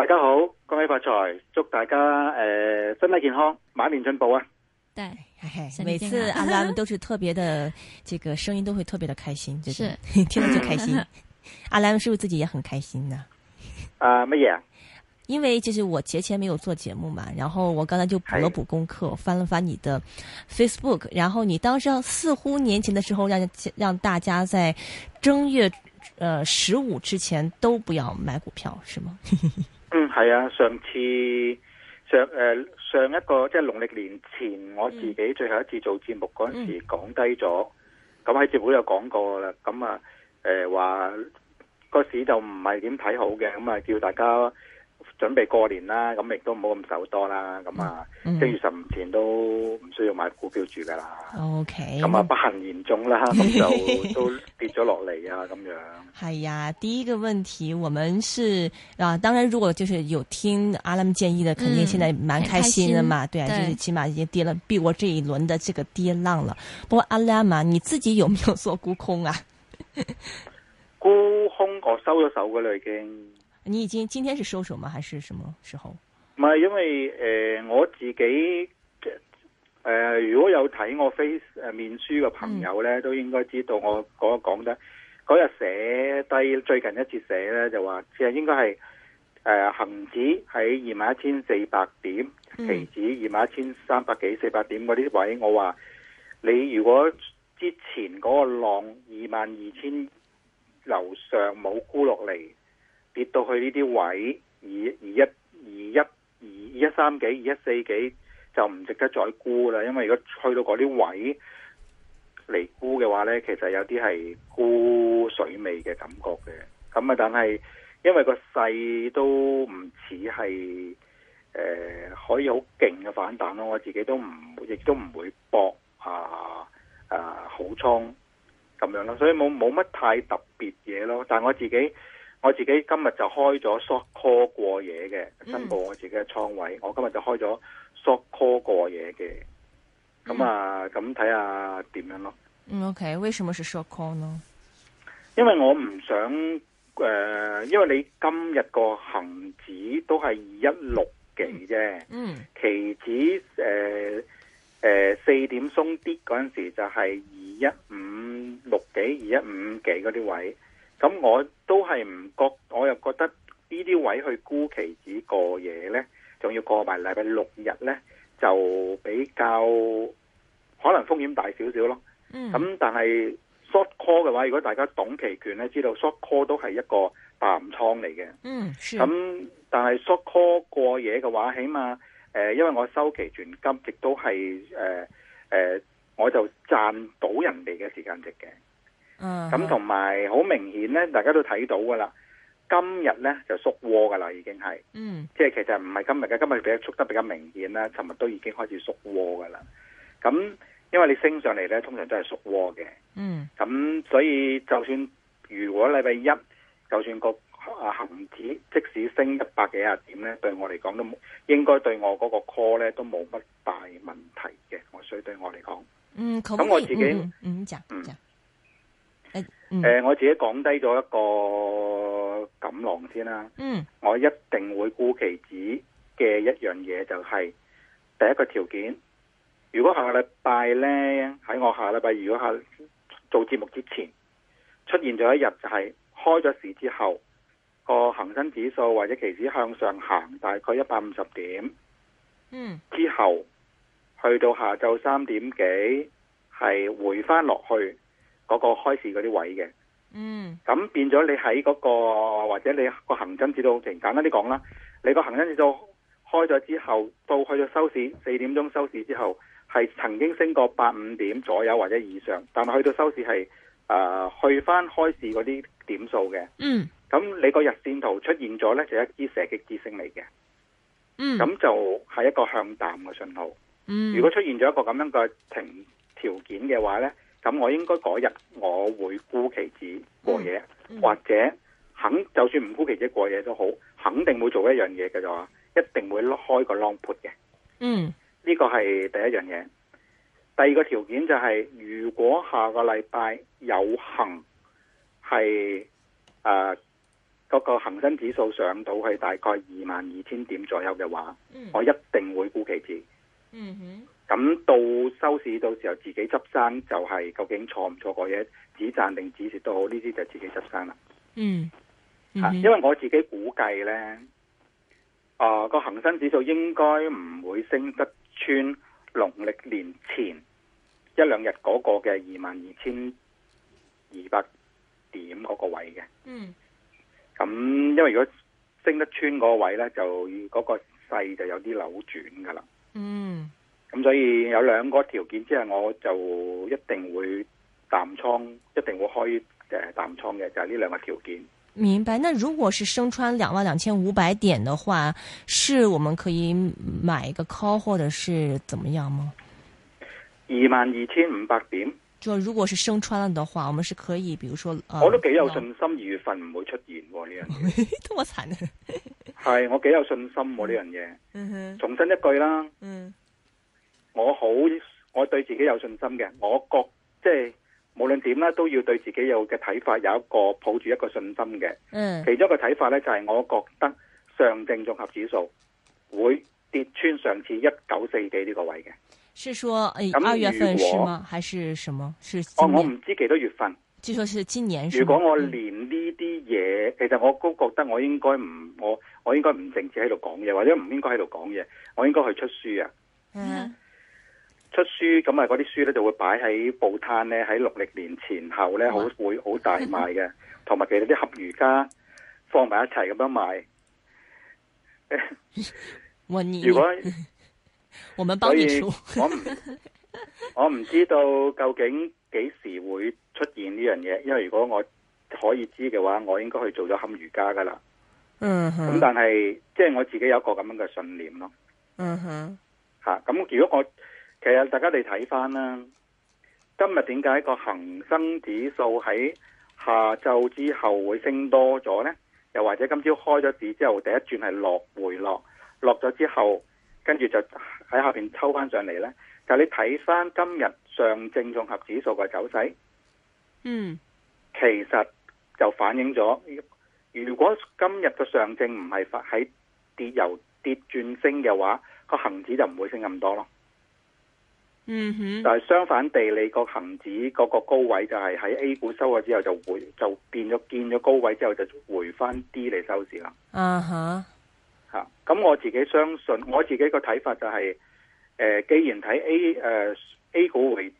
大家好，恭喜發財，祝大家呃身體健康，馬年進步啊！對，每次阿蘭都是特別的，這個聲音都會特別的開心，就 是聽到就開心。 阿蘭是不是自己也很開心呢？啊乜嘢？因為就是我節前沒有做節目嘛，然後我剛才就補了補功課，翻了翻你的 Facebook，然後你當時似乎年前的時候讓讓大家在正月，呃十五之前都不要買股票，是嗎？ 係啊，上次上誒、呃、上一個即係農曆年前、嗯，我自己最後一次做節目嗰陣時講低咗，咁喺節目有講過啦。咁啊，誒、呃、話個市就唔係點睇好嘅，咁啊叫大家。準備過年啦，咁亦都唔好咁手多啦，咁、嗯、啊，正、嗯、月十五前都唔需要買股票住噶啦。O K，咁啊，不幸言中啦，咁 就都跌咗落嚟啊，咁樣。係、哎、呀，第一個問題，我們是啊，當然如果就是有聽阿 Lam 建議的，肯定現在蠻開心的嘛。嗯、對啊對，就是起碼已經跌了，避過這一輪的這個跌浪了。不過阿 Lam、啊，你自己有沒有做沽空啊？沽 空我收咗手噶啦，已經。你已經今天是收手嗎？還是什麼時候？唔係，因為誒、呃、我自己誒、呃，如果有睇我 face 誒面書嘅朋友咧、嗯，都應該知道我嗰講得嗰日寫低最近一次寫咧，就話即係應該係誒恒指喺二萬一千四百點，期指二萬一千三百幾四百點嗰啲位，嗯、我話你如果之前嗰個浪二萬二千樓上冇沽落嚟。跌到去呢啲位，二二一、二一、二一三幾二一四幾，就唔值得再沽啦。因為如果去到嗰啲位嚟沽嘅話咧，其實有啲係沽水尾嘅感覺嘅。咁啊，但係因為個勢都唔似係誒可以好勁嘅反彈咯。我自己都唔亦都唔會搏啊啊好倉咁樣咯，所以冇冇乜太特別嘢咯。但係我自己。我自己今日就開咗 short call 過夜嘅，申報我自己嘅倉位，嗯。我今日就開咗 short call 過夜嘅，咁、嗯、啊，咁睇下點樣咯。嗯，OK，為什麼是 short call 咯？因為我唔想誒、呃，因為你今日個恒指都係二一六幾啫，嗯，期指誒誒四點鬆啲嗰陣時候就係二一五六幾，二一五幾嗰啲位。咁我都係唔覺，我又覺得呢啲位去沽期指過夜呢，仲要過埋禮拜六日呢，就比較可能風險大少少咯。嗯。咁但係 short call 嘅話，如果大家懂期權呢，知道 short call 都係一個淡倉嚟嘅。嗯。咁但係 short call 過夜嘅話，起碼、呃、因為我收期權金，亦都係誒我就賺到人哋嘅時間值嘅。嗯、uh，，咁同埋好明顯咧，大家都睇到噶啦。今日咧就縮窩噶啦，已經係，嗯、um，，即係其實唔係今日嘅，今日比較縮得比較明顯啦。尋日都已經開始縮窩噶啦。咁因為你升上嚟咧，通常都係縮窩嘅。嗯、um，，咁所以就算如果禮拜一，就算個啊恒指即使升一百幾十點咧，對我嚟講都應該對我嗰個 call 咧都冇乜大問題嘅。我所以對我嚟講，嗯，咁我自己五、um, um, yeah, yeah. 誒、嗯呃，我自己講低咗一個錦囊先啦。嗯，我一定會沽期指嘅一樣嘢就係，第一個條件，如果下個禮拜咧喺我下禮拜如果下做節目之前，出現咗一日就係開咗市之後個恒生指數或者期指向上行大概一百五十點，嗯，之後去到下晝三點幾係回翻落去。嗰、個開市嗰啲位嘅，嗯，咁變咗你喺嗰、個或者你個恒生指數，好簡單啲講啦，你個恒生指數開咗之後，到去咗收市四點鐘收市之後，係曾經升過八五點左右或者以上，但係去到收市係誒、呃、去翻開市嗰啲點數嘅，嗯，咁你個日線圖出現咗呢，就係一支射擊之星嚟嘅，嗯，咁就係一個向淡嘅信號，嗯，如果出現咗一個咁樣嘅停條件嘅話呢。咁我應該嗰日我會沽期指過夜，嗯嗯，或者肯就算唔沽期指過夜都好，肯定會做一樣嘢嘅就話，一定會開個 long put 嘅。嗯，呢個係第一樣嘢。第二個條件就係、是，如果下個禮拜有幸係誒個恒生指數上到去大概二萬二千點左右嘅話，嗯，我一定會沽期指。嗯哼。嗯嗯咁到收市到時候自己執生就係究竟錯唔錯過嘢，止賺定止蝕都好，呢啲就自己執生啦。嗯，嗯，因為我自己估計呢、呃那個恒生指數應該唔會升得穿農曆年前一兩日嗰個嘅二萬二千二百點嗰個位嘅。嗯。咁因為如果升得穿嗰個位呢，就嗰個勢就有啲扭轉噶啦。嗯。咁、嗯、所以有兩個條件之下，即係我就一定會淡倉，一定會開誒淡倉嘅，就係呢兩個條件。明白。那如果是升穿兩萬兩千五百點的話，是我們可以買一個 call，或者是怎麼樣嗎？二萬二千五百點，就如果是升穿了的話，我們是可以，比如說，呃、我都幾有信心二、哦、月份唔會出現呢樣嘢， 多麼慘、啊。係，我幾有信心呢樣嘢、嗯。重新一句啦。嗯。我好，我對自己有信心嘅，我覺，即係無論點啦，都要對自己有嘅睇法有一個抱住一個信心嘅。嗯，其中一個睇法咧就係、是、我覺得上證綜合指數會跌穿上次一九四幾呢個位嘅。是說、哎、二月份是嗎？還是什麼是？哦，我唔知幾多月份。據說是今年是。如果我連呢啲嘢，其實我都覺得我應該唔，我我應該唔淨止喺度講嘢，或者唔應該喺度講嘢，我應該去出書啊。嗯。出書咁啊，嗰啲書咧就會擺喺報攤咧，喺六曆年前後咧好會好大賣嘅，同 埋其實啲堪輿家放埋一齊咁樣賣。 如果， 們，你所以我唔 我唔知道究竟幾時會出現呢樣嘢，因為如果我可以知嘅話，我應該去做咗堪輿家㗎喇。嗯哼。咁但係，即係我自己有一個咁樣嘅信念咯。嗯哼。吓、啊，咁如果我其實大家你睇翻啦，今日點解個恒生指數喺下晝之後會升多咗呢？又或者今朝開咗市之後第一轉係落回落，落咗之後跟住就喺下邊抽翻上嚟呢？就你睇翻今日上證綜合指數嘅走勢，嗯，其實就反映咗，如果今日嘅上證唔係發喺跌由跌轉升嘅話，個恒指就唔會升咁多咯。嗯哼，但係相反地，你個恒指嗰個高位就係喺 A 股收咗之後就回就變咗見咗高位之後就回翻啲嚟收市啦。Uh -huh. 啊哈，吓，咁我自己相信我自己個睇法就係、是，誒、呃，既然睇 A 誒、uh, A 股係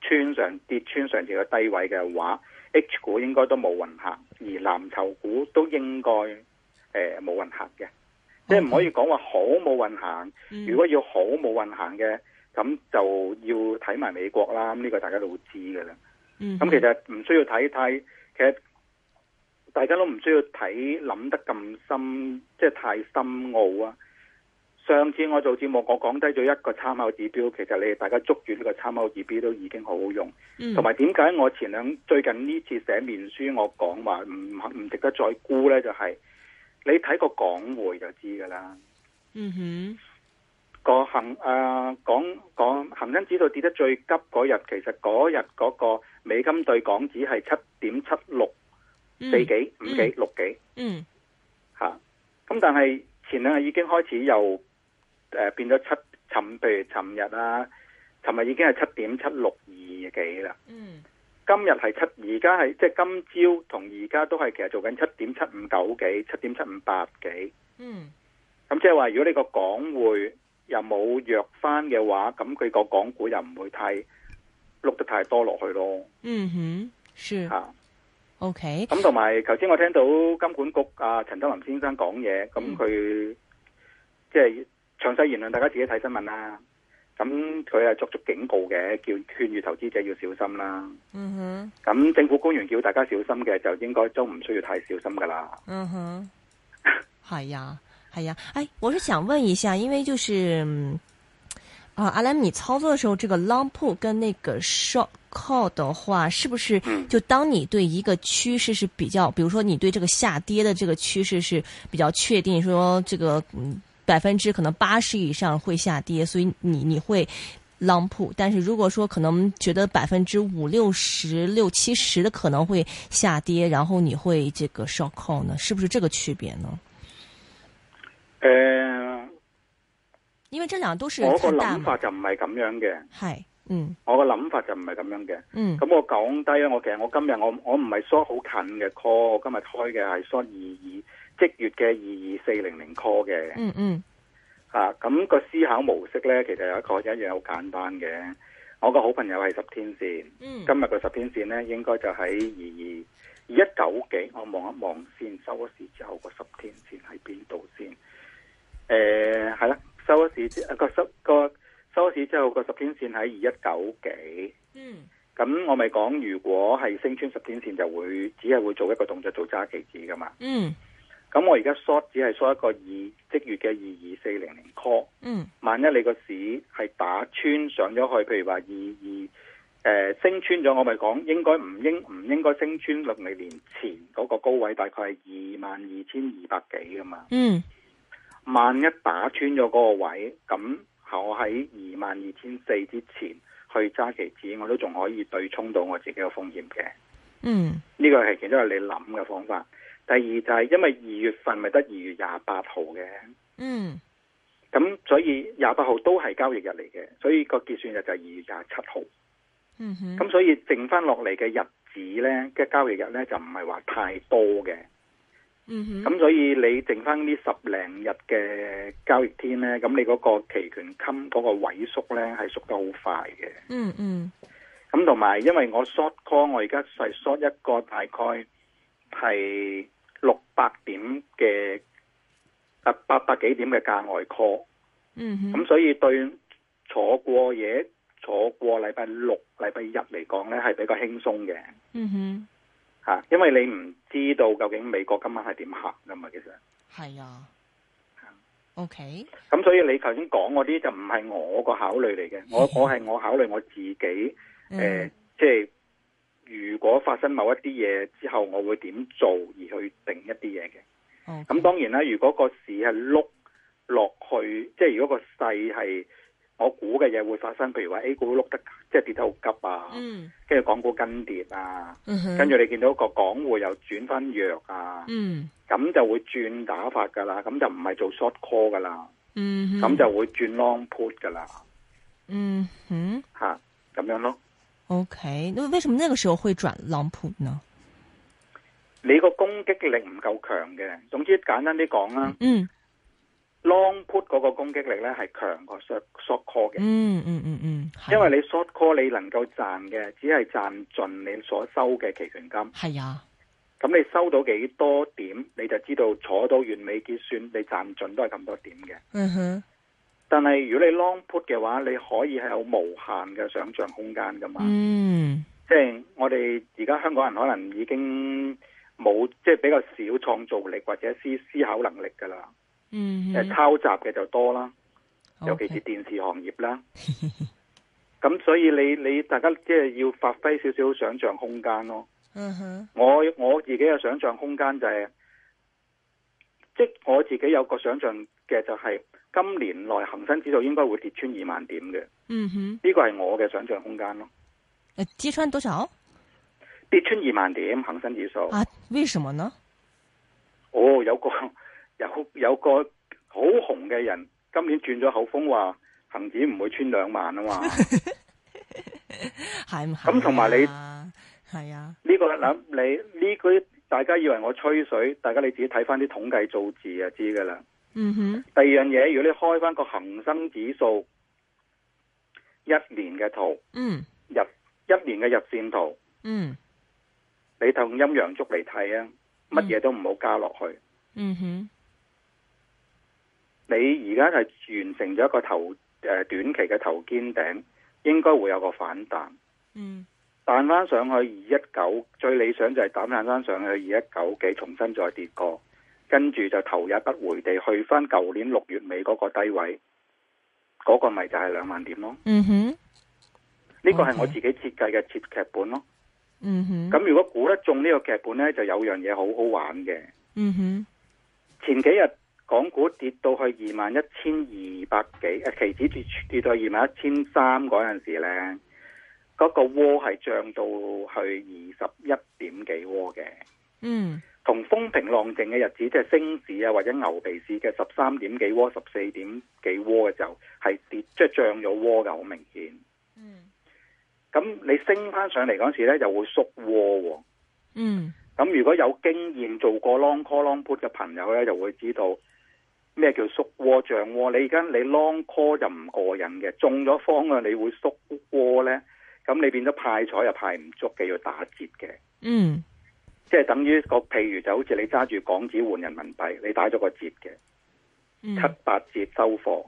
穿上跌穿上跌嘅低位嘅話，H 股應該都冇運行，而藍籌股都應該誒冇運行嘅，okay. 即係唔可以講話好冇運行。Mm -hmm. 如果要好冇運行嘅。咁就要睇埋美國啦，呢個大家都會知嘅啦。咁 mm -hmm. 其實唔需要睇太，其實大家都唔需要睇，諗得咁深，即係太深奧啊。上次我做節目，我講低咗一個參考指標，其實你哋大家捉住呢個參考指標都已經好好用。同埋點解我前兩最近呢次寫面書，我講話唔唔值得再估呢？就係你睇個港匯就知嘅啦。嗯哼。個恆誒，講講恆生指數跌得最急嗰日，其實嗰日嗰個美金對港紙係七點七六四幾、嗯嗯、五幾六幾，嗯嚇。咁、啊、但係前兩日已經開始又誒、呃、變咗七，尋譬如尋日啊，尋日已經係七點七六二幾啦。嗯，今日係七，而家係即係今朝同而家都係其實做緊七點七五九幾七點七五八幾。嗯，咁即係話，如果你個港匯。又冇弱翻嘅話，咁佢個港股又唔會太碌得太多落去咯。嗯、mm、哼 -hmm. Sure. Okay. 啊，是 O K。咁同埋，頭先我聽到金管局啊陳德林先生講嘢，咁佢、mm -hmm. 即係詳細言論，大家自己睇新聞啦。咁佢係作足警告嘅，叫勸喻投資者要小心啦。嗯、mm、哼 -hmm. 啊。咁政府官員叫大家小心嘅，就應該都唔需要太小心噶啦。嗯哼。係啊。哎呀，哎，我是想問一下，因為就是，嗯、啊，阿蘭，你操作的時候，這個 long put 跟那個 short call 的話，是不是就當你對一個趨勢是比較，比如說你對這個下跌的這個趨勢是比較確定，說這個嗯百分之可能八十以上會下跌，所以你你會 long put，但是如果說可能覺得百分之五六十六七十的可能會下跌，然後你會這個 short call 呢？是不是這個區別呢？誒、呃，因為這兩個都是我個諗法就唔係咁樣嘅，係，嗯，我個諗法就唔係咁樣嘅，嗯，咁我講低啦，我其實我今日我我唔係梳好近嘅 call，我今日開嘅係梳二二即月嘅二二四零零 call 嘅，嗯嗯，吓、啊，咁、那個思考模式咧，其實有一個一樣好簡單嘅，我個好朋友係十天線，嗯、今日個十天線咧應該就喺二二二一九幾，我望一望先，收市之後個十天線喺邊度先。誒、呃，係啦，收市個收個收市之後個十天綫喺二一九幾，嗯，咁我咪講如果係升穿十天綫就會只係會做一個動作做揸棋子噶嘛，嗯，咁我而家 short 只係 short 一個二即月嘅二二四零零 call，嗯，萬一你個市係打穿上咗去，譬如話二二誒升穿咗，我咪講應該唔應唔應該升穿六零年前嗰個高位，大概係二萬二千二百幾噶嘛，嗯。萬一打穿咗嗰個位，咁我喺二萬二千四之前去揸期指，我都仲可以對沖到我自己嘅風險嘅。嗯，呢個係其中係你諗嘅方法。第二就係因為二月份咪得二月廿八號嘅。嗯，咁所以廿八號都係交易日嚟嘅，所以個結算日就係二月廿七號。嗯哼，咁所以剩翻落嚟嘅日子呢，嘅交易日呢，就唔係話太多嘅。嗯、mm、咁 -hmm. 所以你剩翻呢十零日嘅交易天呢，咁你嗰個期權金嗰個萎縮呢，係縮得好快嘅。嗯嗯，咁同埋因為我 short call，我而家係 short 一個大概係六百點嘅八百幾點嘅價外 call。咁、mm -hmm. 所以對坐過夜坐過禮拜六、禮拜日嚟講呢，係比較輕鬆嘅。嗯哼。吓，因為你唔知道究竟美國今晚係點行噶嘛，其實係啊，OK。咁所以你頭先講嗰啲就唔係我個考慮嚟嘅，yeah. 我我係我考慮我自己，誒、mm. 呃，即係如果發生某一啲嘢之後，我會點做而去定一啲嘢嘅。咁、okay. 當然啦，如果個市係碌落去，即係如果個勢係。我估嘅嘢會發生，譬如話 A 股碌得即係跌得好急啊，跟、嗯、住港股跟跌啊，跟、嗯、住你見到個港匯又轉返弱啊，咁、嗯、就會轉打法噶啦，咁就唔係做 short call 噶啦，咁就會轉 long put 噶啦，嗯哼吓，咁樣,、嗯啊、樣咯。O、okay. K，那為什麼那個時候會轉 long put 呢？你個攻擊力唔夠強嘅，總之簡單啲講啦。嗯嗯 Long put 嗰個攻擊力咧係強過 short short call 嘅。嗯嗯嗯嗯，因為你 short call 你能夠賺嘅只係賺盡你所收嘅期權金。係啊，咁你收到幾多點你就知道坐到完美結算你賺盡都係咁多點嘅。嗯哼。但係如果你 long put 嘅話，你可以係有無限嘅想像空間噶嘛。嗯。即係我哋而家香港人可能已經冇即係比較少創造力或者思思考能力㗎啦。嗯，誒，抄襲嘅就多啦，尤其是電視行業啦。咁、okay. 所以你你大家即係要發揮少少想象空間咯。嗯、mm、哼 -hmm.，我我自己嘅想象空間就係、是，即係我自己有個想象嘅就係，今年內恒生指數應該會跌穿二萬點嘅。嗯哼，呢個係我嘅想象空間咯。啊，跌穿多少？跌穿二萬點恒生指數啊？為什麼呢？哦，有個。有有個好紅嘅人，今年轉咗口風話恒指唔會穿兩萬啊嘛，係唔係？咁同埋你係啊，呢、啊這個嗱你呢、這個，大家以為我吹水，大家你自己睇翻啲統計數字就知噶啦。嗯哼。第二樣嘢，如果你開翻個恒生指數一年嘅圖，嗯，日一年嘅日線圖，嗯，你同陰陽燭嚟睇啊，乜嘢都唔好加落去。嗯哼。你而家係完成咗一個頭誒、呃、短期嘅頭肩頂，應該會有個反彈，嗯，彈翻上去二一九，最理想就係彈彈翻上去二一九幾，重新再跌過，跟住就頭也不回地去翻舊年六月尾嗰個低位，嗰、那個咪就係兩萬點咯。嗯哼，呢、這個係我自己設計嘅設劇本咯。嗯哼，咁如果估得中呢個劇本呢，就有樣嘢好好玩嘅。嗯哼，前幾日。港股跌到去二萬一千二百幾，誒、啊，期指跌跌到二萬一千三嗰陣時咧，嗰、那個窩係漲到去二十一點幾窩嘅。嗯，同風平浪靜嘅日子，即係升市啊，或者牛皮市嘅十三點幾窩、十四點幾窩嘅時候，係跌即係漲咗窩嘅，好明顯。嗯，咁你升翻上嚟嗰陣時咧，又會縮窩、啊。嗯，咁如果有經驗做過 long call long put 嘅朋友咧，就會知道。咩叫縮窩漲窩？你而家你 long call 就唔過癮嘅，中咗方向你會縮窩呢。咁你變咗派彩又派唔足嘅，要打折嘅。嗯，即係等於、個譬如就好似你揸住港紙換人民幣，你打咗個折嘅，七八折收貨。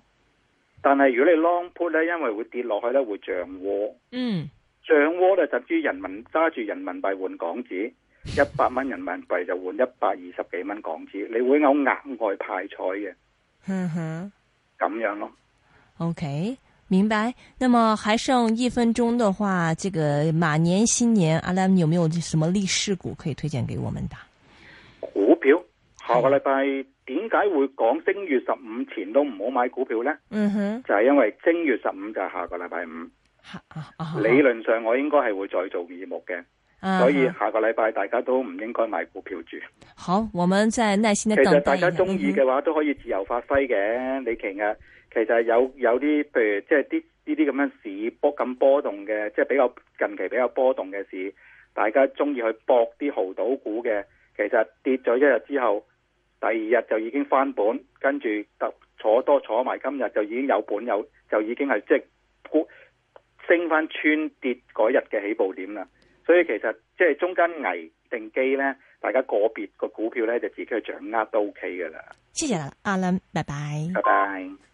但係如果你 long put 呢，因為會跌落去呢，會漲窩。嗯，漲窩就等於人民揸住人民幣換港紙。一百蚊人民幣就換一百二十幾蚊港紙，你會有額外派彩嘅。嗯哼，咁樣咯。OK，明白。那麼還剩一分鐘的話，這個馬年新年，阿 Lam 你有沒有什麼利事股可以推薦給我們的？的股票下個禮拜點解會講正月十五前都唔好買股票呢？嗯哼，就係、是、因為正月十五就係下個禮拜五、啊啊，理論上我應該係會再做業務嘅。所以下個禮拜大家都唔應該買股票住。好，我們在耐心的等待。其實大家中意嘅話都可以自由發揮嘅。你其實其實有有啲，譬如即係啲呢啲咁樣市波咁波動嘅，即係比較近期比較波動嘅市，大家中意去搏啲豪賭股嘅。其實跌咗一日之後，第二日就已經翻本，跟住就坐多坐埋今日就已經有本有，就已經係即係升翻穿跌嗰日嘅起步點啦。所以其實即係中間危定機咧，大家個別個股票咧就自己去掌握都 OK 嘅啦。謝謝啦，阿林，拜拜。拜拜。